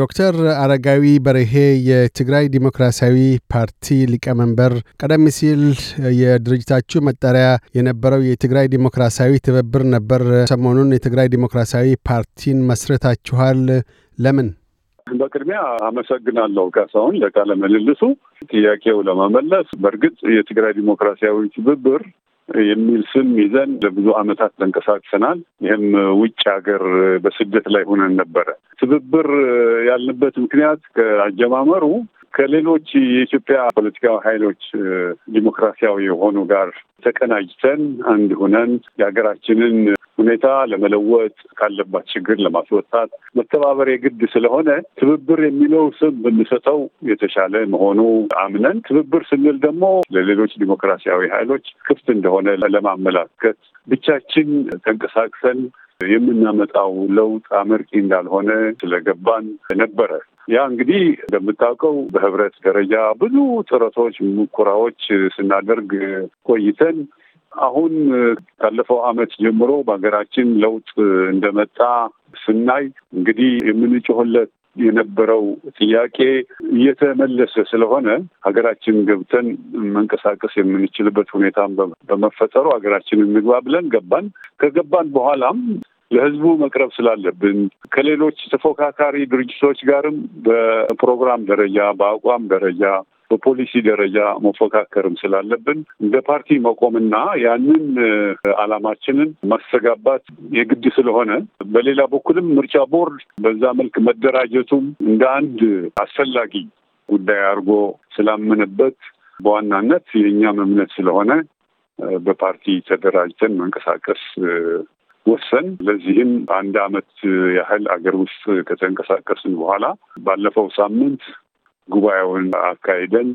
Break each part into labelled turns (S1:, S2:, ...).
S1: ዶክተር አረጋዊ በርሄ የትግራይ ዲሞክራሲያዊ ፓርቲ ሊቀመንበር፣ ቀደም ሲል የድርጅታችሁ መጠሪያ የነበረው የትግራይ ዲሞክራሲያዊ ትብብር ነበር። ሰሞኑን የትግራይ ዲሞክራሲያዊ ፓርቲን መስረታችኋል። ለምን?
S2: በቅድሚያ አመሰግናለሁ ካሳሁን ለቃለ ምልልሱ። ጥያቄው ለመመለስ በእርግጥ የትግራይ ዲሞክራሲያዊ ትብብር የሚል ስም ይዘን ለብዙ ዓመታት ተንቀሳቅሰናል። ይህም ውጭ ሀገር በስደት ላይ ሆነን ነበረ። ትብብር ያልንበት ምክንያት ከአጀማመሩ ከሌሎች የኢትዮጵያ ፖለቲካዊ ኃይሎች ዲሞክራሲያዊ የሆኑ ጋር ተቀናጅተን አንድ ሆነን የሀገራችንን ሁኔታ ለመለወጥ ካለባት ችግር ለማስወጣት መተባበር የግድ ስለሆነ ትብብር የሚለው ስም ብንሰጠው የተሻለ መሆኑ አምነን ትብብር ስንል ደግሞ ለሌሎች ዲሞክራሲያዊ ኃይሎች ክፍት እንደሆነ ለማመላከት ብቻችን ተንቀሳቅሰን የምናመጣው ለውጥ አመርቂ እንዳልሆነ ስለገባን ነበረ። ያ እንግዲህ እንደምታውቀው በህብረት ደረጃ ብዙ ጥረቶች፣ ሙከራዎች ስናደርግ ቆይተን አሁን ካለፈው ዓመት ጀምሮ በሀገራችን ለውጥ እንደመጣ ስናይ እንግዲህ የምንጮህለት የነበረው ጥያቄ እየተመለሰ ስለሆነ ሀገራችን ገብተን መንቀሳቀስ የምንችልበት ሁኔታን በመፈጠሩ ሀገራችንን እንግባ ብለን ገባን። ከገባን በኋላም ለህዝቡ መቅረብ ስላለብን ከሌሎች ተፎካካሪ ድርጅቶች ጋርም በፕሮግራም ደረጃ በአቋም ደረጃ በፖሊሲ ደረጃ መፎካከርም ስላለብን እንደ ፓርቲ መቆምና ያንን አላማችንን ማስተጋባት የግድ ስለሆነ በሌላ በኩልም ምርጫ ቦርድ በዛ መልክ መደራጀቱም እንደ አንድ አስፈላጊ ጉዳይ አድርጎ ስላመንበት በዋናነት የእኛም እምነት ስለሆነ በፓርቲ ተደራጅተን መንቀሳቀስ ወሰን ለዚህም አንድ አመት ያህል አገር ውስጥ ከተንቀሳቀስን በኋላ ባለፈው ሳምንት ጉባኤውን አካሂደን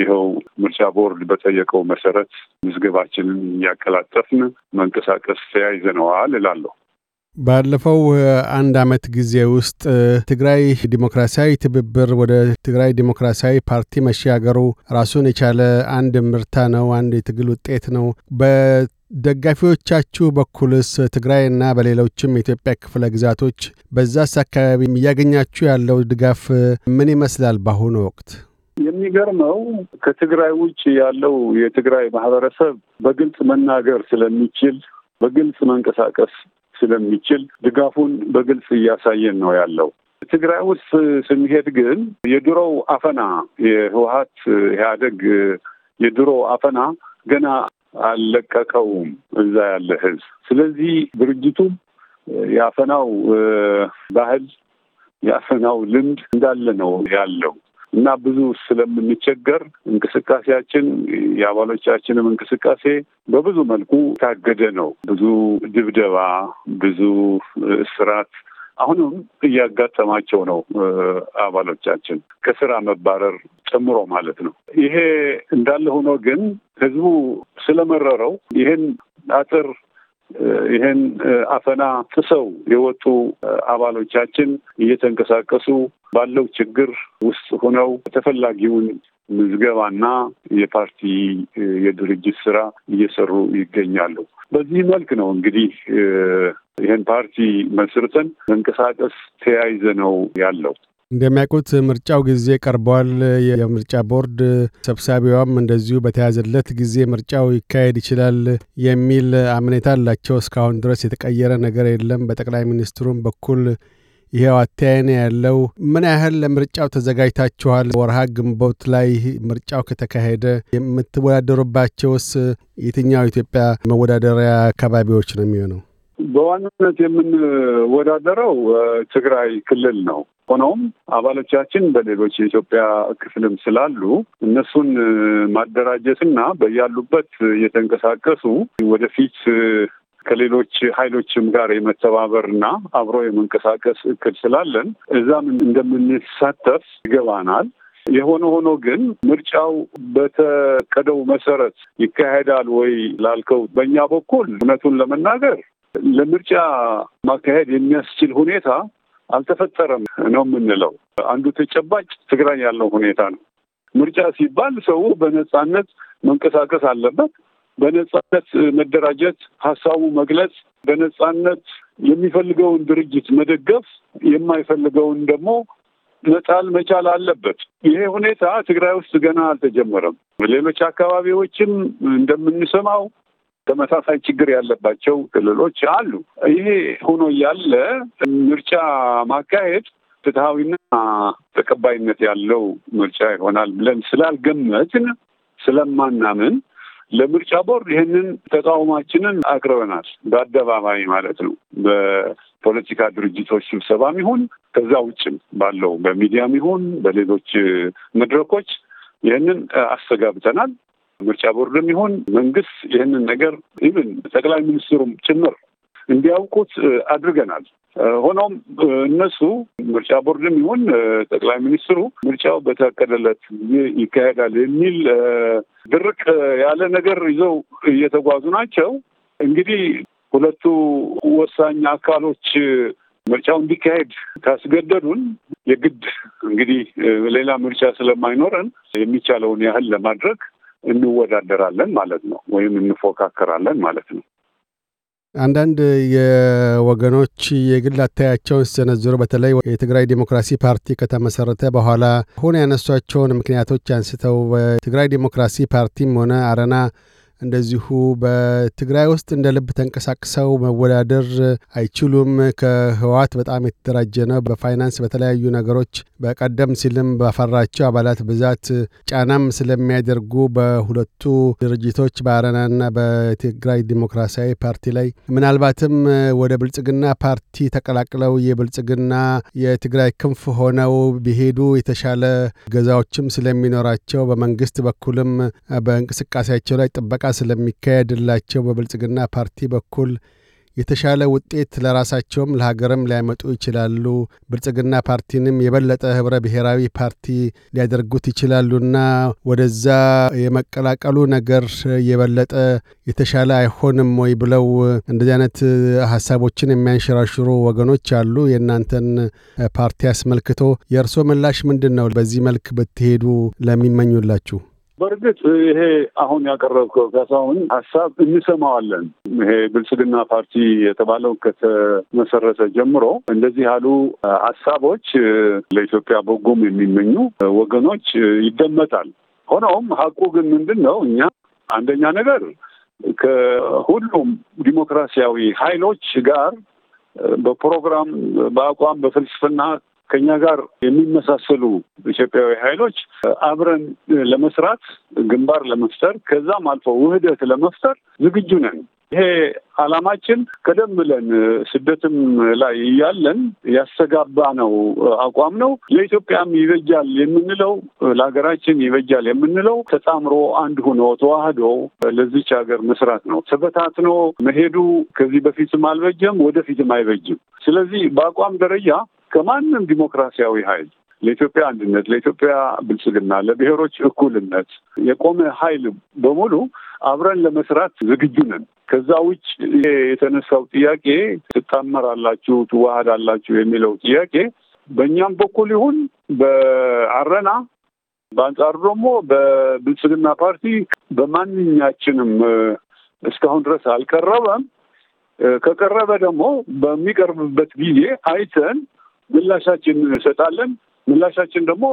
S2: ይኸው ምርጫ ቦርድ በጠየቀው መሰረት ምዝገባችንን እያቀላጠፍን መንቀሳቀስ ተያይዘነዋል እላለሁ።
S1: ባለፈው አንድ አመት ጊዜ ውስጥ ትግራይ ዲሞክራሲያዊ ትብብር ወደ ትግራይ ዲሞክራሲያዊ ፓርቲ መሻገሩ ራሱን የቻለ አንድ ምርታ ነው፣ አንድ የትግል ውጤት ነው። ደጋፊዎቻችሁ በኩልስ ትግራይና በሌሎችም የኢትዮጵያ ክፍለ ግዛቶች በዛስ አካባቢ እያገኛችሁ ያለው ድጋፍ ምን ይመስላል በአሁኑ ወቅት?
S2: የሚገርመው ከትግራይ ውጭ ያለው የትግራይ ማህበረሰብ በግልጽ መናገር ስለሚችል፣ በግልጽ መንቀሳቀስ ስለሚችል ድጋፉን በግልጽ እያሳየን ነው ያለው። ትግራይ ውስጥ ስንሄድ ግን የድሮው አፈና የህወሀት ያደግ የድሮ አፈና ገና አልለቀቀውም እዛ ያለ ህዝብ። ስለዚህ ድርጅቱ የአፈናው ባህል የአፈናው ልምድ እንዳለ ነው ያለው እና ብዙ ስለምንቸገር እንቅስቃሴያችን የአባሎቻችንም እንቅስቃሴ በብዙ መልኩ ታገደ ነው። ብዙ ድብደባ፣ ብዙ እስራት አሁንም እያጋጠማቸው ነው አባሎቻችን ከስራ መባረር ጨምሮ ማለት ነው። ይሄ እንዳለ ሆኖ ግን ህዝቡ ስለመረረው ይህን አጥር ይህን አፈና ጥሰው የወጡ አባሎቻችን እየተንቀሳቀሱ ባለው ችግር ውስጥ ሆነው ተፈላጊውን ምዝገባና የፓርቲ የድርጅት ስራ እየሰሩ ይገኛሉ። በዚህ መልክ ነው እንግዲህ ይህን ፓርቲ መስርተን መንቀሳቀስ ተያይዘ ነው ያለው።
S1: እንደሚያውቁት ምርጫው ጊዜ ቀርቧል። የምርጫ ቦርድ ሰብሳቢዋም እንደዚሁ በተያዘለት ጊዜ ምርጫው ይካሄድ ይችላል የሚል አምኔታ አላቸው። እስካሁን ድረስ የተቀየረ ነገር የለም። በጠቅላይ ሚኒስትሩም በኩል ይሄው አተያይነ ያለው ምን ያህል ለምርጫው ተዘጋጅታችኋል? ወርሃ ግንቦት ላይ ምርጫው ከተካሄደ የምትወዳደሩባቸውስ የትኛው ኢትዮጵያ መወዳደሪያ አካባቢዎች ነው የሚሆነው?
S2: በዋናነት የምንወዳደረው ትግራይ ክልል ነው። ሆኖም አባሎቻችን በሌሎች የኢትዮጵያ ክፍልም ስላሉ እነሱን ማደራጀትና በያሉበት የተንቀሳቀሱ ወደፊት ከሌሎች ኃይሎችም ጋር የመተባበርና አብሮ የመንቀሳቀስ እቅድ ስላለን እዛም እንደምንሳተፍ ይገባናል። የሆነ ሆኖ ግን ምርጫው በተቀደው መሰረት ይካሄዳል ወይ ላልከው፣ በእኛ በኩል እውነቱን ለመናገር ለምርጫ ማካሄድ የሚያስችል ሁኔታ አልተፈጠረም ነው የምንለው። አንዱ ተጨባጭ ትግራይ ያለው ሁኔታ ነው። ምርጫ ሲባል ሰው በነጻነት መንቀሳቀስ አለበት፣ በነጻነት መደራጀት፣ ሀሳቡ መግለጽ፣ በነጻነት የሚፈልገውን ድርጅት መደገፍ፣ የማይፈልገውን ደግሞ መጣል መቻል አለበት። ይሄ ሁኔታ ትግራይ ውስጥ ገና አልተጀመረም። ሌሎች አካባቢዎችም እንደምንሰማው ተመሳሳይ ችግር ያለባቸው ክልሎች አሉ። ይሄ ሆኖ እያለ ምርጫ ማካሄድ ፍትሐዊና ተቀባይነት ያለው ምርጫ ይሆናል ብለን ስላልገመትን ስለማናምን ለምርጫ ቦርድ ይህንን ተቃውማችንን አቅርበናል። በአደባባይ ማለት ነው። በፖለቲካ ድርጅቶች ስብሰባም ይሁን ከዛ ውጭም ባለው በሚዲያም ይሁን በሌሎች መድረኮች ይህንን አስተጋብተናል። ምርጫ ቦርድም ይሁን መንግስት ይህንን ነገር ኢቭን ጠቅላይ ሚኒስትሩም ጭምር እንዲያውቁት አድርገናል። ሆኖም እነሱ ምርጫ ቦርድም ይሁን ጠቅላይ ሚኒስትሩ ምርጫው በታቀደለት ይካሄዳል የሚል ድርቅ ያለ ነገር ይዘው እየተጓዙ ናቸው። እንግዲህ ሁለቱ ወሳኝ አካሎች ምርጫው እንዲካሄድ ካስገደዱን የግድ እንግዲህ ሌላ ምርጫ ስለማይኖረን የሚቻለውን ያህል ለማድረግ እንወዳደራለን ማለት ነው ወይም እንፎካከራለን ማለት ነው።
S1: አንዳንድ የወገኖች የግል አታያቸውን ሲሰነዝሩ በተለይ የትግራይ ዴሞክራሲ ፓርቲ ከተመሰረተ በኋላ አሁን ያነሷቸውን ምክንያቶች አንስተው በትግራይ ዴሞክራሲ ፓርቲም ሆነ አረና እንደዚሁ በትግራይ ውስጥ እንደ ልብ ተንቀሳቅሰው መወዳደር አይችሉም። ከህወሓት በጣም የተደራጀ ነው። በፋይናንስ በተለያዩ ነገሮች በቀደም ሲልም ባፈራቸው አባላት ብዛት ጫናም ስለሚያደርጉ በሁለቱ ድርጅቶች በአረናና በትግራይ ዲሞክራሲያዊ ፓርቲ ላይ ምናልባትም ወደ ብልጽግና ፓርቲ ተቀላቅለው የብልጽግና የትግራይ ክንፍ ሆነው ቢሄዱ የተሻለ ገዛዎችም ስለሚኖራቸው በመንግስት በኩልም በእንቅስቃሴያቸው ላይ ጥበቃ ስለሚካሄድላቸው በብልጽግና ፓርቲ በኩል የተሻለ ውጤት ለራሳቸውም ለሀገርም ሊያመጡ ይችላሉ። ብልጽግና ፓርቲንም የበለጠ ኅብረ ብሔራዊ ፓርቲ ሊያደርጉት ይችላሉና ወደዛ የመቀላቀሉ ነገር የበለጠ የተሻለ አይሆንም ወይ ብለው እንደዚህ አይነት ሀሳቦችን የሚያንሸራሽሩ ወገኖች አሉ። የእናንተን ፓርቲ አስመልክቶ የእርስዎ ምላሽ ምንድን ነው? በዚህ መልክ ብትሄዱ ለሚመኙላችሁ
S2: በእርግጥ ይሄ አሁን ያቀረብከው ከሳሁን ሀሳብ እንሰማዋለን። ይሄ ብልጽግና ፓርቲ የተባለው ከተመሰረተ ጀምሮ እንደዚህ ያሉ ሀሳቦች ለኢትዮጵያ በጎም የሚመኙ ወገኖች ይደመጣል። ሆኖም ሀቁ ግን ምንድን ነው? እኛ አንደኛ ነገር ከሁሉም ዲሞክራሲያዊ ኃይሎች ጋር በፕሮግራም፣ በአቋም፣ በፍልስፍና ከኛ ጋር የሚመሳሰሉ ኢትዮጵያዊ ኃይሎች አብረን ለመስራት ግንባር ለመፍጠር ከዛም አልፎ ውህደት ለመፍጠር ዝግጁ ነን። ይሄ ዓላማችን ቀደም ብለን ስደትም ላይ እያለን ያስተጋባ ነው አቋም ነው። ለኢትዮጵያም ይበጃል የምንለው ለሀገራችን ይበጃል የምንለው ተጣምሮ አንድ ሆኖ ተዋህዶ ለዚች ሀገር መስራት ነው። ተበታትኖ መሄዱ ከዚህ በፊትም አልበጀም፣ ወደፊትም አይበጅም። ስለዚህ በአቋም ደረጃ ከማንም ዲሞክራሲያዊ ኃይል ለኢትዮጵያ አንድነት፣ ለኢትዮጵያ ብልጽግና፣ ለብሔሮች እኩልነት የቆመ ኃይል በሙሉ አብረን ለመስራት ዝግጁ ነን። ከዛ ውጭ የተነሳው ጥያቄ ትጣመራላችሁ፣ ትዋሃዳላችሁ የሚለው ጥያቄ በእኛም በኩል ይሁን በአረና በአንጻሩ ደግሞ በብልጽግና ፓርቲ በማንኛችንም እስካሁን ድረስ አልቀረበም። ከቀረበ ደግሞ በሚቀርብበት ጊዜ አይተን ምላሻችን እንሰጣለን። ምላሻችን ደግሞ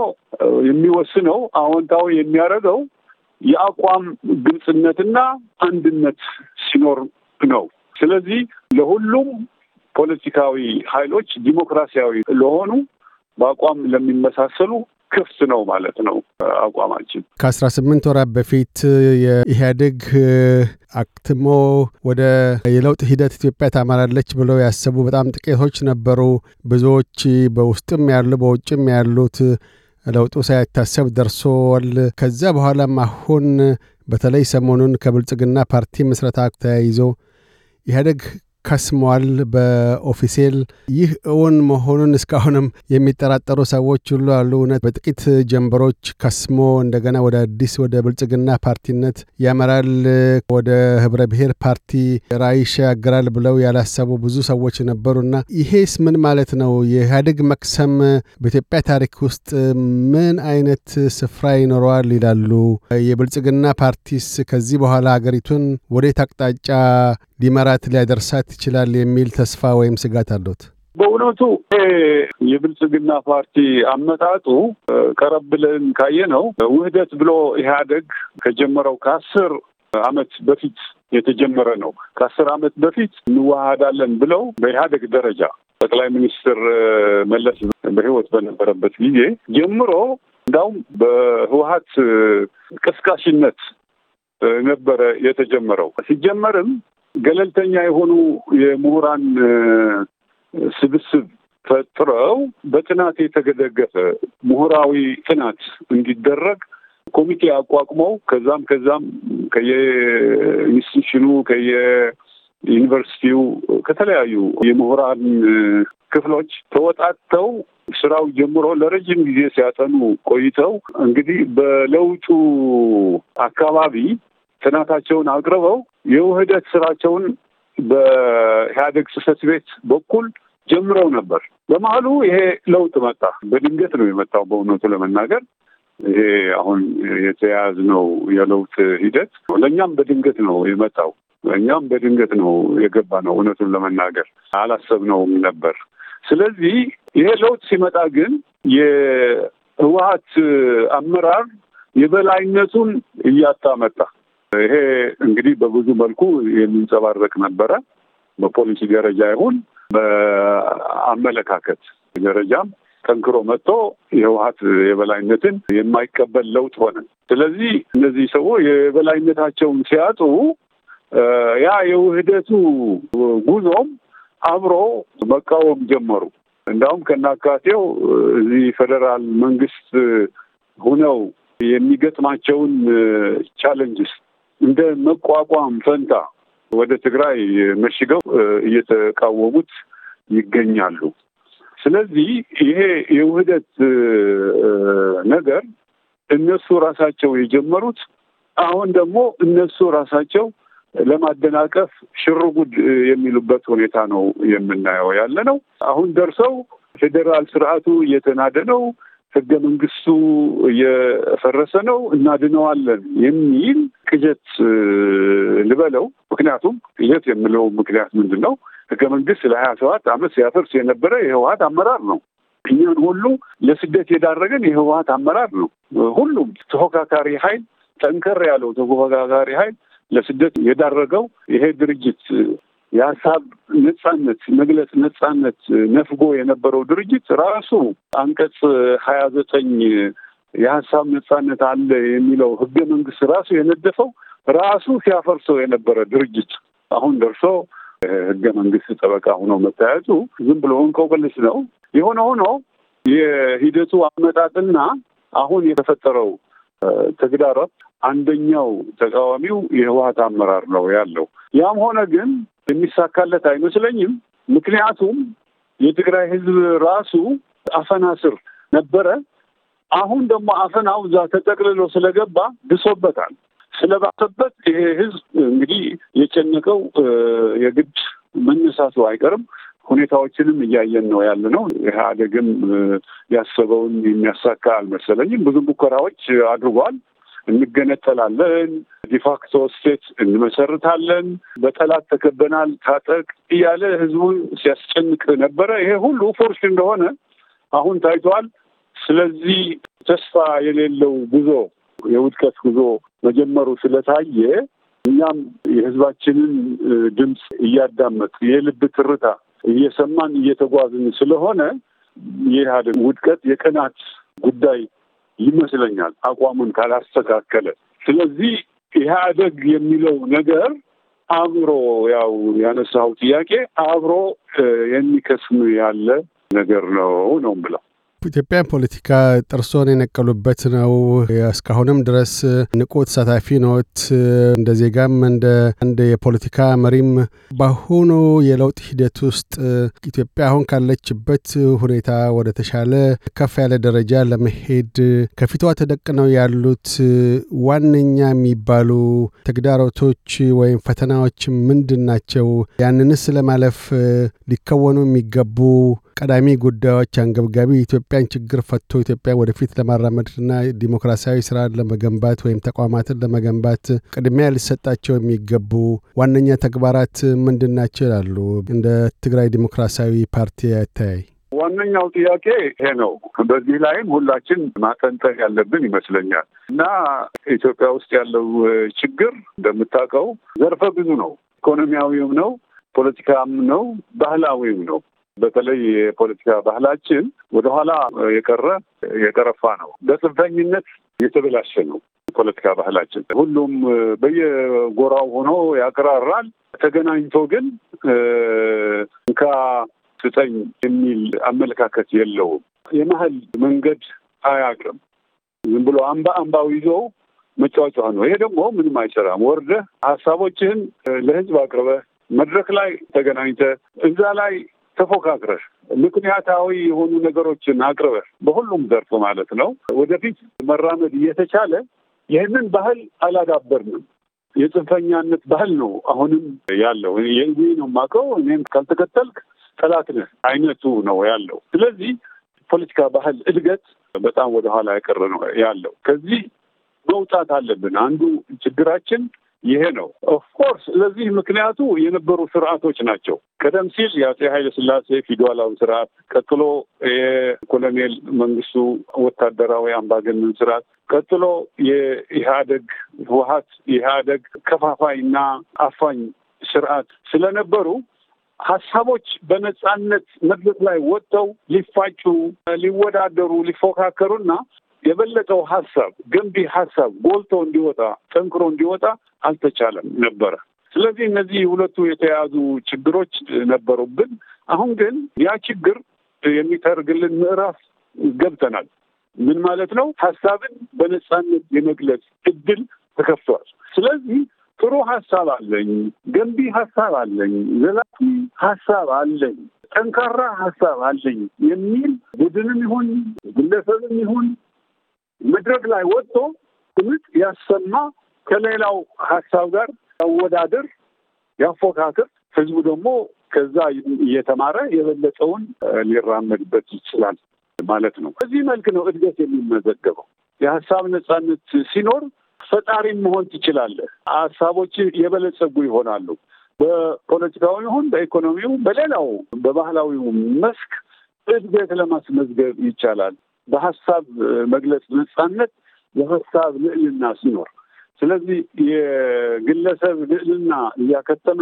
S2: የሚወስነው አዎንታዊ የሚያደርገው የአቋም ግልጽነትና አንድነት ሲኖር ነው። ስለዚህ ለሁሉም ፖለቲካዊ ኃይሎች ዲሞክራሲያዊ ለሆኑ በአቋም ለሚመሳሰሉ ክፍት ነው ማለት ነው አቋማችን።
S1: ከአስራ ስምንት ወራት በፊት የኢህአዴግ አክትሞ ወደ የለውጥ ሂደት ኢትዮጵያ ታመራለች ብለው ያሰቡ በጣም ጥቂቶች ነበሩ። ብዙዎች በውስጥም ያሉ በውጭም ያሉት ለውጡ ሳይታሰብ ደርሶል ከዛ በኋላም አሁን በተለይ ሰሞኑን ከብልጽግና ፓርቲ ምስረታ ተያይዞ ኢህአዴግ ከስሟል በኦፊሴል ይህ እውን መሆኑን እስካሁንም የሚጠራጠሩ ሰዎች ሁሉ አሉ። እውነት በጥቂት ጀንበሮች ከስሞ እንደገና ወደ አዲስ ወደ ብልጽግና ፓርቲነት ያመራል፣ ወደ ህብረ ብሔር ፓርቲ ራዕይ ይሻገራል ብለው ያላሰቡ ብዙ ሰዎች ነበሩና ይሄስ ምን ማለት ነው? የኢህአዴግ መክሰም በኢትዮጵያ ታሪክ ውስጥ ምን አይነት ስፍራ ይኖረዋል ይላሉ? የብልጽግና ፓርቲስ ከዚህ በኋላ ሀገሪቱን ወዴት አቅጣጫ ሊመራት ሊያደርሳት ሊያበረክት ይችላል የሚል ተስፋ ወይም ስጋት አለት?
S2: በእውነቱ የብልጽግና ፓርቲ አመጣጡ ቀረብ ብለን ካየ ነው ውህደት ብሎ ኢህአደግ ከጀመረው ከአስር አመት በፊት የተጀመረ ነው። ከአስር አመት በፊት እንዋሃዳለን ብለው በኢህአደግ ደረጃ ጠቅላይ ሚኒስትር መለስ በህይወት በነበረበት ጊዜ ጀምሮ እንዳውም በህወሀት ቀስቃሽነት ነበረ የተጀመረው። ሲጀመርም ገለልተኛ የሆኑ የምሁራን ስብስብ ፈጥረው በጥናት የተደገፈ ምሁራዊ ጥናት እንዲደረግ ኮሚቴ አቋቁመው ከዛም ከዛም ከየኢንስቲትሽኑ ከየዩኒቨርሲቲው ከተለያዩ የምሁራን ክፍሎች ተወጣጥተው ስራው ጀምሮ ለረጅም ጊዜ ሲያጠኑ ቆይተው እንግዲህ በለውጡ አካባቢ ጥናታቸውን አቅርበው የውህደት ስራቸውን በኢህአዴግ ጽህፈት ቤት በኩል ጀምረው ነበር። በመሀሉ ይሄ ለውጥ መጣ። በድንገት ነው የመጣው። በእውነቱ ለመናገር ይሄ አሁን የተያያዝነው የለውጥ ሂደት ለእኛም በድንገት ነው የመጣው። እኛም በድንገት ነው የገባ ነው። እውነቱን ለመናገር አላሰብነውም ነበር። ስለዚህ ይሄ ለውጥ ሲመጣ ግን የህወሀት አመራር የበላይነቱን እያጣ መጣ። ይሄ እንግዲህ በብዙ መልኩ የሚንጸባረቅ ነበረ። በፖሊሲ ደረጃ ይሁን በአመለካከት ደረጃም ጠንክሮ መጥቶ የህወሀት የበላይነትን የማይቀበል ለውጥ ሆነ። ስለዚህ እነዚህ ሰዎች የበላይነታቸውን ሲያጡ ያ የውህደቱ ጉዞም አብሮ መቃወም ጀመሩ። እንዲሁም ከናካቴው እዚህ ፌዴራል መንግስት ሁነው የሚገጥማቸውን ቻለንጅስ እንደ መቋቋም ፈንታ ወደ ትግራይ መሽገው እየተቃወሙት ይገኛሉ። ስለዚህ ይሄ የውህደት ነገር እነሱ ራሳቸው የጀመሩት አሁን ደግሞ እነሱ ራሳቸው ለማደናቀፍ ሽርጉድ የሚሉበት ሁኔታ ነው የምናየው ያለ ነው። አሁን ደርሰው ፌዴራል ስርዓቱ እየተናደ ነው፣ ህገ መንግስቱ የፈረሰ ነው እናድነዋለን የሚል ቅዠት ልበለው። ምክንያቱም ቅዠት የምለው ምክንያት ምንድን ነው? ህገ መንግስት ለሀያ ሰባት አመት ሲያፈርስ የነበረ የህወሀት አመራር ነው። እኛን ሁሉ ለስደት የዳረገን የህወሀት አመራር ነው። ሁሉም ተፎካካሪ ሀይል ጠንከር ያለው ተፎካካሪ ሀይል ለስደት የዳረገው ይሄ ድርጅት የሀሳብ ነጻነት መግለጽ ነጻነት ነፍጎ የነበረው ድርጅት ራሱ አንቀጽ ሀያ ዘጠኝ የሀሳብ ነጻነት አለ የሚለው ህገ መንግስት ራሱ የነደፈው ራሱ ሲያፈርሰው የነበረ ድርጅት አሁን ደርሶ ህገ መንግስት ጠበቃ ሆኖ መታየቱ ዝም ብሎ እንቆቅልሽ ነው። የሆነ ሆኖ የሂደቱ አመጣጥና አሁን የተፈጠረው ተግዳሮት አንደኛው ተቃዋሚው የህወሀት አመራር ነው ያለው። ያም ሆነ ግን የሚሳካለት አይመስለኝም። ምክንያቱም የትግራይ ህዝብ ራሱ አፈና ስር ነበረ። አሁን ደግሞ አፈናው እዛ ተጠቅልሎ ስለገባ ብሶበታል። ስለባሰበት ይሄ ህዝብ እንግዲህ የጨነቀው የግድ መነሳቱ አይቀርም። ሁኔታዎችንም እያየን ነው ያለ ነው። ኢህአዴግም ያሰበውን የሚያሳካ አልመሰለኝም። ብዙ ሙከራዎች አድርጓል። እንገነጠላለን፣ ዲፋክቶ ስቴት እንመሰርታለን፣ በጠላት ተከበናል፣ ታጠቅ እያለ ህዝቡን ሲያስጨንቅ ነበረ። ይሄ ሁሉ ፎርሽ እንደሆነ አሁን ታይቷል። ስለዚህ ተስፋ የሌለው ጉዞ የውድቀት ጉዞ መጀመሩ ስለታየ እኛም የህዝባችንን ድምፅ እያዳመጥ የልብ ትርታ እየሰማን እየተጓዝን ስለሆነ ይህ ውድቀት የቀናት ጉዳይ ይመስለኛል አቋሙን ካላስተካከለ። ስለዚህ ኢህአደግ የሚለው ነገር አብሮ ያው ያነሳው ጥያቄ አብሮ የሚከስም ያለ ነገር ነው
S1: ነው ብለው ኢትዮጵያ ፖለቲካ ጥርሶን የነቀሉበት ነው። እስካሁንም ድረስ ንቁ ተሳታፊ ኖት። እንደ ዜጋም እንደ አንድ የፖለቲካ መሪም በአሁኑ የለውጥ ሂደት ውስጥ ኢትዮጵያ አሁን ካለችበት ሁኔታ ወደ ተሻለ ከፍ ያለ ደረጃ ለመሄድ ከፊቷ ተደቅነው ያሉት ዋነኛ የሚባሉ ተግዳሮቶች ወይም ፈተናዎች ምንድን ናቸው? ያንንስ ለማለፍ ሊከወኑ የሚገቡ ቀዳሚ ጉዳዮች አንገብጋቢ የኢትዮጵያን ችግር ፈቶ ኢትዮጵያ ወደፊት ለማራመድና ዲሞክራሲያዊ ስራን ለመገንባት ወይም ተቋማትን ለመገንባት ቅድሚያ ሊሰጣቸው የሚገቡ ዋነኛ ተግባራት ምንድን ናቸው ይላሉ? እንደ ትግራይ ዲሞክራሲያዊ ፓርቲ አተያይ
S2: ዋነኛው ጥያቄ ይሄ ነው። በዚህ ላይም ሁላችን ማጠንጠቅ ያለብን ይመስለኛል እና ኢትዮጵያ ውስጥ ያለው ችግር እንደምታውቀው ዘርፈ ብዙ ነው። ኢኮኖሚያዊም ነው፣ ፖለቲካም ነው፣ ባህላዊም ነው። በተለይ የፖለቲካ ባህላችን ወደኋላ የቀረ የቀረፋ ነው። በጽንፈኝነት የተበላሸ ነው የፖለቲካ ባህላችን። ሁሉም በየጎራው ሆኖ ያቀራራል። ተገናኝቶ ግን እንካ ስጠኝ የሚል አመለካከት የለውም። የመሀል መንገድ አያውቅም። ዝም ብሎ አምባ አምባው ይዞ መጫወጫ ነው። ይሄ ደግሞ ምንም አይሰራም። ወርደህ ሀሳቦችህን ለህዝብ አቅርበህ መድረክ ላይ ተገናኝተህ እዛ ላይ ተፎካክረሽ ምክንያታዊ የሆኑ ነገሮችን አቅርበ በሁሉም ዘርፍ ማለት ነው ወደፊት መራመድ እየተቻለ ይህንን ባህል አላዳበርንም። የጽንፈኛነት ባህል ነው አሁንም ያለው። ነው የማውቀው። እኔም ካልተከተልክ ጠላት ነህ አይነቱ ነው ያለው። ስለዚህ ፖለቲካ ባህል እድገት በጣም ወደኋላ ያቀረ ነው ያለው። ከዚህ መውጣት አለብን። አንዱ ችግራችን ይሄ ነው። ኦፍኮርስ ለዚህ ምክንያቱ የነበሩ ስርዓቶች ናቸው። ቀደም ሲል የአጼ ኃይለ ስላሴ ፊውዳላዊ ስርዓት፣ ቀጥሎ የኮሎኔል መንግስቱ ወታደራዊ አምባገነን ስርዓት፣ ቀጥሎ የኢህአደግ ህወሀት የኢህአደግ ከፋፋይና አፋኝ ስርዓት ስለነበሩ ሀሳቦች በነጻነት መድረክ ላይ ወጥተው ሊፋጩ፣ ሊወዳደሩ፣ ሊፎካከሩና የበለጠው ሀሳብ ገንቢ ሀሳብ ጎልቶ እንዲወጣ ጠንክሮ እንዲወጣ አልተቻለም ነበረ። ስለዚህ እነዚህ ሁለቱ የተያዙ ችግሮች ነበሩብን። አሁን ግን ያ ችግር የሚተርግልን ምዕራፍ ገብተናል። ምን ማለት ነው? ሀሳብን በነፃነት የመግለጽ እድል ተከፍቷል። ስለዚህ ጥሩ ሀሳብ አለኝ፣ ገንቢ ሀሳብ አለኝ፣ ዘላቂ ሀሳብ አለኝ፣ ጠንካራ ሀሳብ አለኝ የሚል ቡድንም ይሁን ግለሰብም ይሁን መድረክ ላይ ወጥቶ ድምፅ ያሰማ ከሌላው ሀሳብ ጋር አወዳደር ያፎካክር። ህዝቡ ደግሞ ከዛ እየተማረ የበለጠውን ሊራመድበት ይችላል ማለት ነው። በዚህ መልክ ነው እድገት የሚመዘገበው። የሀሳብ ነጻነት ሲኖር ፈጣሪም መሆን ትችላለህ። ሀሳቦች የበለጸጉ ይሆናሉ። በፖለቲካው ይሁን በኢኮኖሚው፣ በሌላው በባህላዊው መስክ እድገት ለማስመዝገብ ይቻላል። በሀሳብ መግለጽ ነጻነት የሀሳብ ልዕልና ሲኖር ስለዚህ የግለሰብ ልዕልና እያከተመ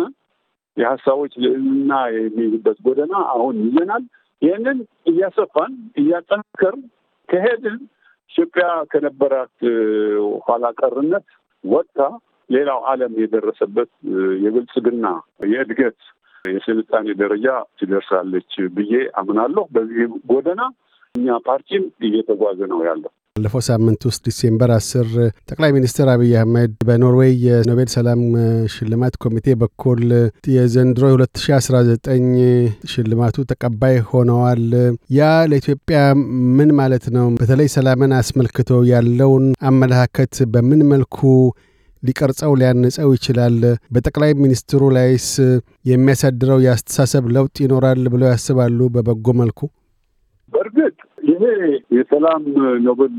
S2: የሀሳቦች ልዕልና የሚይዝበት ጎደና አሁን ይዘናል። ይህንን እያሰፋን እያጠናከር ከሄድን ኢትዮጵያ ከነበራት ኋላ ቀርነት ወጥታ ሌላው ዓለም የደረሰበት የብልጽግና የእድገት የስልጣኔ ደረጃ ትደርሳለች ብዬ አምናለሁ። በዚህ ጎደና እኛ ፓርቲም እየተጓዘ ነው ያለው።
S1: ባለፈው ሳምንት ውስጥ ዲሴምበር አስር ጠቅላይ ሚኒስትር አብይ አህመድ በኖርዌይ የኖቤል ሰላም ሽልማት ኮሚቴ በኩል የዘንድሮ 2019 ሽልማቱ ተቀባይ ሆነዋል። ያ ለኢትዮጵያ ምን ማለት ነው? በተለይ ሰላምን አስመልክቶ ያለውን አመለካከት በምን መልኩ ሊቀርጸው ሊያንጸው ይችላል? በጠቅላይ ሚኒስትሩ ላይስ የሚያሳድረው የአስተሳሰብ ለውጥ ይኖራል ብለው ያስባሉ? በበጎ መልኩ
S2: በእርግጥ ይሄ የሰላም ኖብል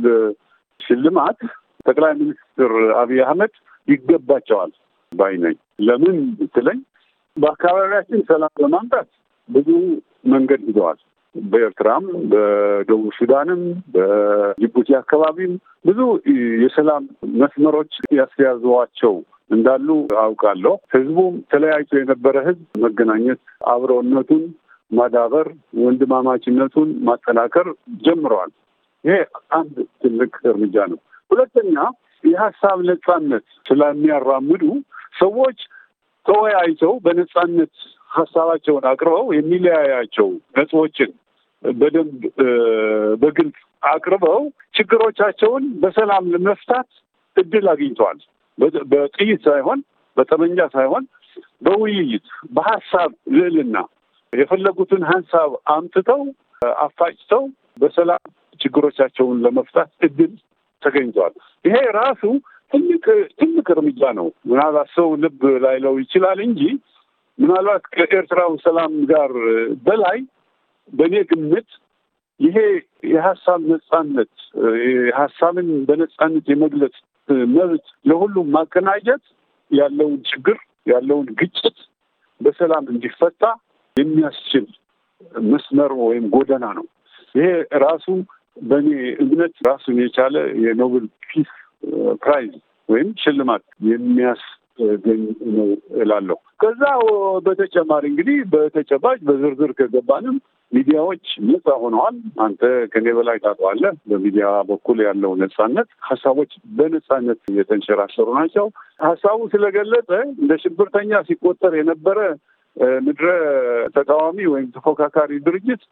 S2: ሽልማት ጠቅላይ ሚኒስትር አብይ አህመድ ይገባቸዋል ባይ ነኝ። ለምን ብትለኝ በአካባቢያችን ሰላም ለማምጣት ብዙ መንገድ ሂደዋል። በኤርትራም፣ በደቡብ ሱዳንም፣ በጅቡቲ አካባቢም ብዙ የሰላም መስመሮች ያስያዘዋቸው እንዳሉ አውቃለሁ። ህዝቡም ተለያይቶ የነበረ ህዝብ መገናኘት አብሮነቱን ማዳበር፣ ወንድማማችነቱን ማጠናከር ጀምረዋል። ይሄ አንድ ትልቅ እርምጃ ነው። ሁለተኛ የሀሳብ ነጻነት ስለሚያራምዱ ሰዎች ተወያይተው በነጻነት ሀሳባቸውን አቅርበው የሚለያያቸው ነጥቦችን በደንብ በግልጽ አቅርበው ችግሮቻቸውን በሰላም ለመፍታት እድል አግኝተዋል። በጥይት ሳይሆን፣ በጠመንጃ ሳይሆን፣ በውይይት በሀሳብ ልዕልና የፈለጉትን ሀንሳብ አምጥተው አፋጭተው በሰላም ችግሮቻቸውን ለመፍታት እድል ተገኝተዋል። ይሄ ራሱ ትልቅ ትልቅ እርምጃ ነው። ምናልባት ሰው ልብ ላይለው ይችላል እንጂ ምናልባት ከኤርትራው ሰላም ጋር በላይ በእኔ ግምት ይሄ የሀሳብ ነጻነት ሀሳብን በነጻነት የመግለጽ መብት ለሁሉም ማቀናጀት ያለውን ችግር ያለውን ግጭት በሰላም እንዲፈታ የሚያስችል መስመር ወይም ጎዳና ነው። ይሄ ራሱ በእኔ እምነት ራሱን የቻለ የኖብል ፒስ ፕራይዝ ወይም ሽልማት የሚያስገኝ ነው እላለሁ። ከዛ በተጨማሪ እንግዲህ በተጨባጭ በዝርዝር ከገባንም ሚዲያዎች ነፃ ሆነዋል። አንተ ከኔ በላይ ታውቀዋለህ። በሚዲያ በኩል ያለው ነጻነት፣ ሀሳቦች በነፃነት የተንሸራሸሩ ናቸው። ሀሳቡ ስለገለጸ እንደ ሽብርተኛ ሲቆጠር የነበረ ምድረ ተቃዋሚ ወይም ተፎካካሪ ድርጅት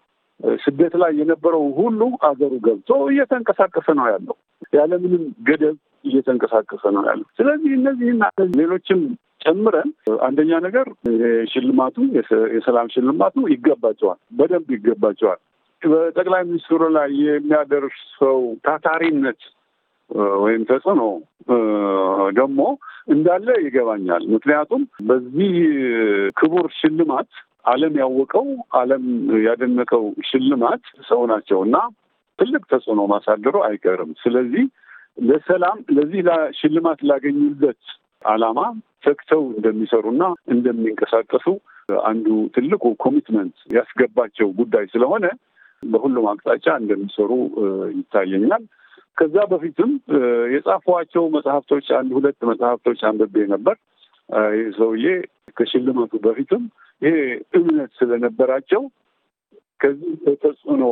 S2: ስደት ላይ የነበረው ሁሉ አገሩ ገብቶ እየተንቀሳቀሰ ነው ያለው። ያለምንም ገደብ እየተንቀሳቀሰ ነው ያለው። ስለዚህ እነዚህና ሌሎችም ጨምረን አንደኛ ነገር ሽልማቱ የሰላም ሽልማቱ ይገባቸዋል፣ በደንብ ይገባቸዋል። በጠቅላይ ሚኒስትሩ ላይ የሚያደርሰው ታታሪነት ወይም ተጽዕኖ ደግሞ እንዳለ ይገባኛል። ምክንያቱም በዚህ ክቡር ሽልማት ዓለም ያወቀው ዓለም ያደነቀው ሽልማት ሰው ናቸው እና ትልቅ ተጽዕኖ ማሳደሩ አይቀርም። ስለዚህ ለሰላም ለዚህ ሽልማት ላገኙበት ዓላማ ተግተው እንደሚሰሩና እንደሚንቀሳቀሱ አንዱ ትልቁ ኮሚትመንት ያስገባቸው ጉዳይ ስለሆነ በሁሉም አቅጣጫ እንደሚሰሩ ይታየኛል። ከዛ በፊትም የጻፏቸው መጽሐፍቶች አንድ ሁለት መጽሐፍቶች አንብቤ ነበር። ይህ ሰውዬ ከሽልማቱ በፊትም ይሄ እምነት ስለነበራቸው ከዚህ ተጽዕኖ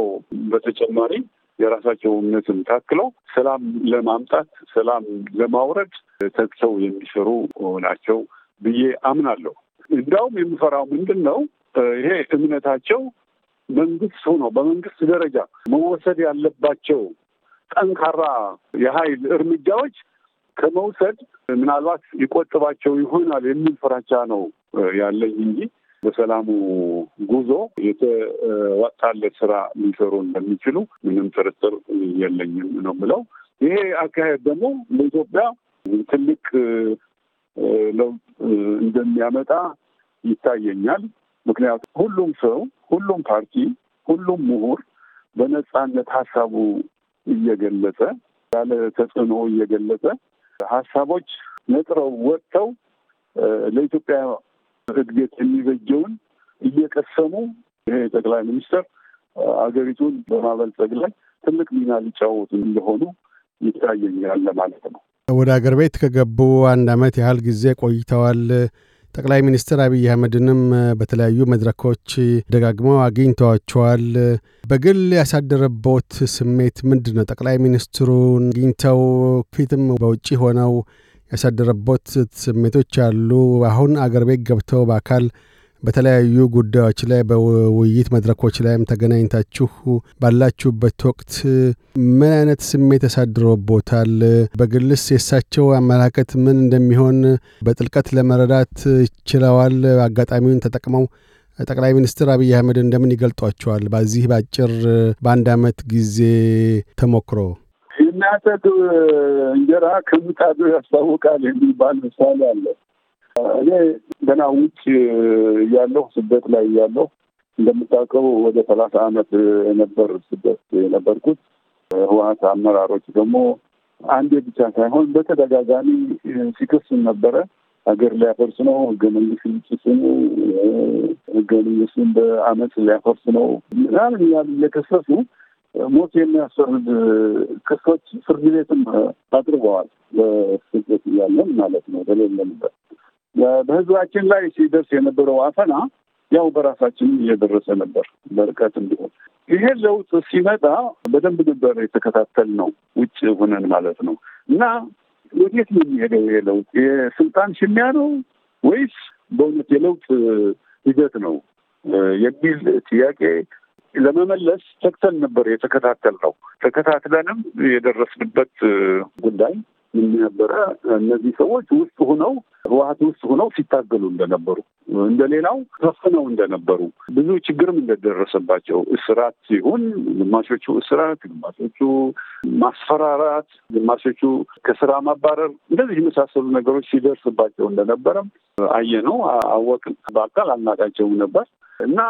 S2: በተጨማሪ የራሳቸው እምነትን ታክለው ሰላም ለማምጣት ሰላም ለማውረድ ተግተው የሚሰሩ ናቸው ብዬ አምናለሁ። እንዲያውም የምፈራው ምንድን ነው ይሄ እምነታቸው መንግስት ሆኖ በመንግስት ደረጃ መወሰድ ያለባቸው ጠንካራ የኃይል እርምጃዎች ከመውሰድ ምናልባት ይቆጥባቸው ይሆናል የሚል ፍራቻ ነው ያለኝ እንጂ በሰላሙ ጉዞ የተዋጣለት ስራ ሊሰሩ እንደሚችሉ ምንም ጥርጥር የለኝም ነው ብለው ይሄ አካሄድ ደግሞ ለኢትዮጵያ ትልቅ ለውጥ እንደሚያመጣ ይታየኛል። ምክንያቱም ሁሉም ሰው፣ ሁሉም ፓርቲ፣ ሁሉም ምሁር በነፃነት ሀሳቡ እየገለጸ ያለ ተጽዕኖ እየገለጸ ሀሳቦች ነጥረው ወጥተው ለኢትዮጵያ እድገት የሚበጀውን እየቀሰሙ ይሄ ጠቅላይ ሚኒስትር አገሪቱን በማበልጸግ ላይ ትልቅ ሚና ሊጫወቱ እንደሆኑ ይታየኛል ለማለት ነው።
S1: ወደ አገር ቤት ከገቡ አንድ ዓመት ያህል ጊዜ ቆይተዋል። ጠቅላይ ሚኒስትር አብይ አህመድንም በተለያዩ መድረኮች ደጋግመው አግኝተዋቸዋል። በግል ያሳደረቦት ስሜት ምንድን ነው? ጠቅላይ ሚኒስትሩን አግኝተው ፊትም በውጭ ሆነው ያሳደረቦት ስሜቶች አሉ። አሁን አገር ቤት ገብተው በአካል በተለያዩ ጉዳዮች ላይ በውይይት መድረኮች ላይም ተገናኝታችሁ ባላችሁበት ወቅት ምን አይነት ስሜት ተሳድሮቦታል? በግልስ የእሳቸው አመላከት ምን እንደሚሆን በጥልቀት ለመረዳት ችለዋል? አጋጣሚውን ተጠቅመው ጠቅላይ ሚኒስትር አብይ አህመድ እንደምን ይገልጧቸዋል? በዚህ በአጭር በአንድ አመት ጊዜ ተሞክሮ
S2: የሚያጠግብ እንጀራ ከምጣዱ ያስታውቃል የሚባል ምሳሌ አለ። እኔ ገና ውጭ ያለሁ ስደት ላይ ያለሁ እንደምታውቀው ወደ ሰላሳ አመት የነበር ስደት የነበርኩት። ህወሀት አመራሮች ደግሞ አንዴ ብቻ ሳይሆን በተደጋጋሚ ሲክስም ነበረ። ሀገር ሊያፈርስ ነው፣ ህገ መንግስት ሊጭስኑ፣ ህገ መንግስቱን በአመት ሊያፈርስ ነው ምናምን እያሉ እየከሰሱ ሞት የሚያስፈርድ ክሶች ፍርድ ቤትም አቅርበዋል። በስደት እያለን ማለት ነው በሌለንበት በህዝባችን ላይ ሲደርስ የነበረው አፈና ያው በራሳችንም እየደረሰ ነበር። በርቀት እንዲሆን ይሄ ለውጥ ሲመጣ በደንብ ነበር የተከታተል ነው፣ ውጭ ሆነን ማለት ነው። እና ወዴት ነው የሚሄደው ይሄ ለውጥ? የስልጣን ሽሚያ ነው ወይስ በእውነት የለውጥ ሂደት ነው የሚል ጥያቄ ለመመለስ ተግተን ነበር የተከታተል ነው። ተከታትለንም የደረስንበት ጉዳይ የሚነበረ እነዚህ ሰዎች ውስጥ ሆነው ህወሀት ውስጥ ሆነው ሲታገሉ እንደነበሩ እንደሌላው ተፍነው እንደነበሩ ብዙ ችግርም እንደደረሰባቸው እስራት ሲሆን ግማሾቹ እስራት፣ ግማሾቹ ማስፈራራት፣ ግማሾቹ ከስራ ማባረር እንደዚህ የመሳሰሉ ነገሮች ሲደርስባቸው እንደነበረም አየነው፣ አወቅን። በአካል አናቃቸውም ነበር እና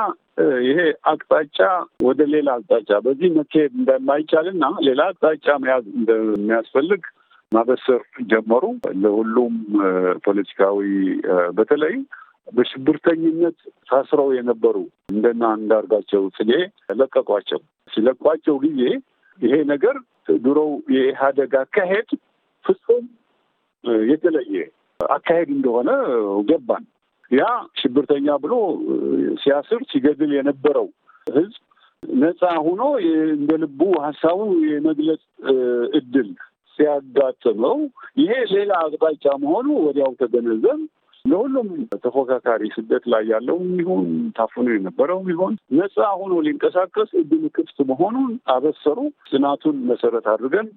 S2: ይሄ አቅጣጫ ወደ ሌላ አቅጣጫ በዚህ መካሄድ እንደማይቻልና ሌላ አቅጣጫ መያዝ እንደሚያስፈልግ ማበሰር ጀመሩ። ለሁሉም ፖለቲካዊ በተለይ በሽብርተኝነት ታስረው የነበሩ እንደና አንዳርጋቸው ጽጌ ለቀቋቸው። ሲለቋቸው ጊዜ ይሄ ነገር ድሮው የኢህአደግ አካሄድ ፍጹም የተለየ አካሄድ እንደሆነ ገባን። ያ ሽብርተኛ ብሎ ሲያስር ሲገድል የነበረው ህዝብ ነፃ ሁኖ እንደ ልቡ ሀሳቡ የመግለጽ እድል ሲያጋጥመው ይሄ ሌላ አቅጣጫ መሆኑ ወዲያው ተገነዘብ። ለሁሉም ተፎካካሪ ስደት ላይ ያለው ይሁን ታፍኖ የነበረው ይሁን ነፃ ሆኖ ሊንቀሳቀስ እድል ክፍት መሆኑን አበሰሩ። ጽናቱን መሰረት አድርገን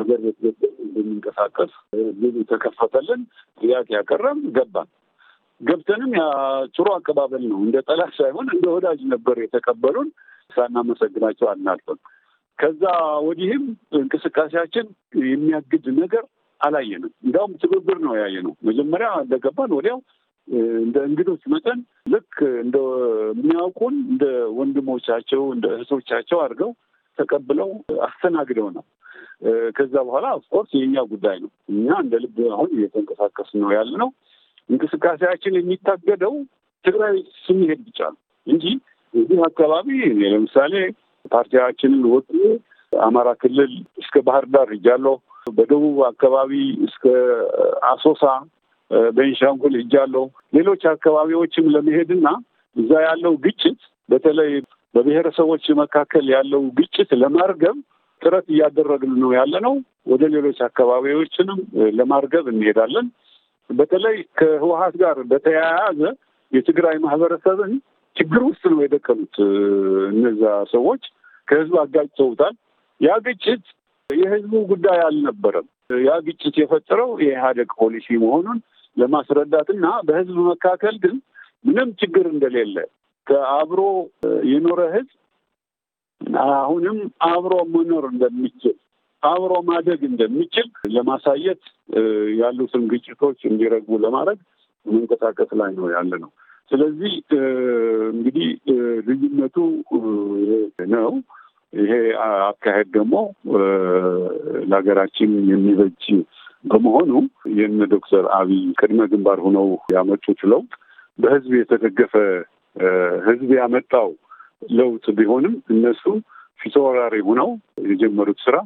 S2: ሀገር ቤት እንድንንቀሳቀስ እድሉ ተከፈተልን። ጥያቄ ያቀረም ገባን። ገብተንም ጥሩ አቀባበል ነው። እንደ ጠላት ሳይሆን እንደ ወዳጅ ነበር የተቀበሉን። ሳናመሰግናቸው አናልፈም። ከዛ ወዲህም እንቅስቃሴያችን የሚያግድ ነገር አላየንም። እንዲያውም ትብብር ነው ያየነው። መጀመሪያ እንደገባን ወዲያው እንደ እንግዶች መጠን ልክ እንደሚያውቁን እንደ ወንድሞቻቸው እንደ እህቶቻቸው አድርገው ተቀብለው አስተናግደው ነው። ከዛ በኋላ ኦፍኮርስ የእኛ ጉዳይ ነው። እኛ እንደ ልብ አሁን እየተንቀሳቀስ ነው ያለ ነው። እንቅስቃሴያችን የሚታገደው ትግራይ ስንሄድ ብቻ ነው እንጂ እዚህ አካባቢ ለምሳሌ ፓርቲያችንን ወጡ አማራ ክልል እስከ ባህር ዳር እጃለሁ በደቡብ አካባቢ እስከ አሶሳ፣ ቤንሻንጉል እጃለሁ ሌሎች አካባቢዎችም ለመሄድና እዛ ያለው ግጭት በተለይ በብሔረሰቦች መካከል ያለው ግጭት ለማርገብ ጥረት እያደረግን ነው ያለ ነው። ወደ ሌሎች አካባቢዎችንም ለማርገብ እንሄዳለን። በተለይ ከህወሀት ጋር በተያያዘ የትግራይ ማህበረሰብን ችግር ውስጥ ነው የደቀኑት እነዛ ሰዎች አጋጭ አጋጭተውታል። ያ ግጭት የህዝቡ ጉዳይ አልነበረም። ያ ግጭት የፈጠረው የኢህአደግ ፖሊሲ መሆኑን ለማስረዳት እና በህዝብ መካከል ግን ምንም ችግር እንደሌለ ከአብሮ የኖረ ህዝብ አሁንም አብሮ መኖር እንደሚችል አብሮ ማደግ እንደሚችል ለማሳየት ያሉትን ግጭቶች እንዲረግቡ ለማድረግ መንቀሳቀስ ላይ ነው ያለ ነው። ስለዚህ እንግዲህ ልዩነቱ ነው። ይሄ አካሄድ ደግሞ ለሀገራችን የሚበጅ በመሆኑ የነ ዶክተር አብይ ቅድመ ግንባር ሆነው ያመጡት ለውጥ በህዝብ የተደገፈ ህዝብ ያመጣው ለውጥ ቢሆንም እነሱ ፊተወራሪ ሆነው የጀመሩት ስራ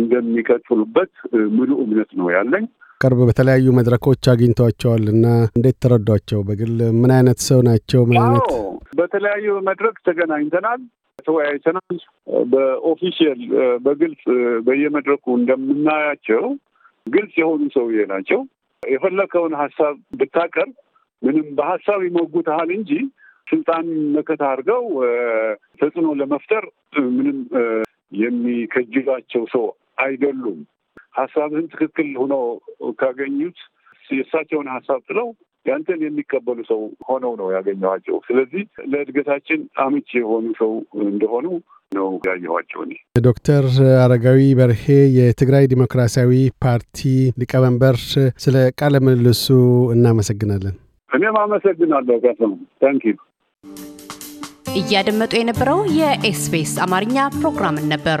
S2: እንደሚቀጥሉበት ሙሉ እምነት ነው ያለኝ።
S1: ቅርብ በተለያዩ መድረኮች አግኝቷቸዋል እና እንዴት ተረዷቸው? በግል ምን አይነት ሰው ናቸው? ምን አይነት
S2: በተለያዩ መድረክ ተገናኝተናል፣ ተወያይተናል። በኦፊሽል በግልጽ በየመድረኩ እንደምናያቸው ግልጽ የሆኑ ሰውዬ ናቸው። የፈለከውን ሀሳብ ብታቀርብ ምንም በሀሳብ ይሞግቱሃል እንጂ ስልጣን መከታ አድርገው ተጽዕኖ ለመፍጠር ምንም የሚከጅሏቸው ሰው አይደሉም። ሀሳብህን ትክክል ሆኖ ካገኙት የእሳቸውን ሀሳብ ጥለው ያንተን የሚቀበሉ ሰው ሆነው ነው ያገኘኋቸው። ስለዚህ ለእድገታችን አምች የሆኑ ሰው እንደሆኑ ነው ያየኋቸው። እኔ
S1: ዶክተር አረጋዊ በርሄ የትግራይ ዲሞክራሲያዊ ፓርቲ ሊቀመንበር፣ ስለ ቃለ ምልልሱ እናመሰግናለን።
S2: እኔም አመሰግናለሁ። ጋሰም ታንኪ
S1: እያደመጡ የነበረው የኤስቢኤስ አማርኛ ፕሮግራምን ነበር።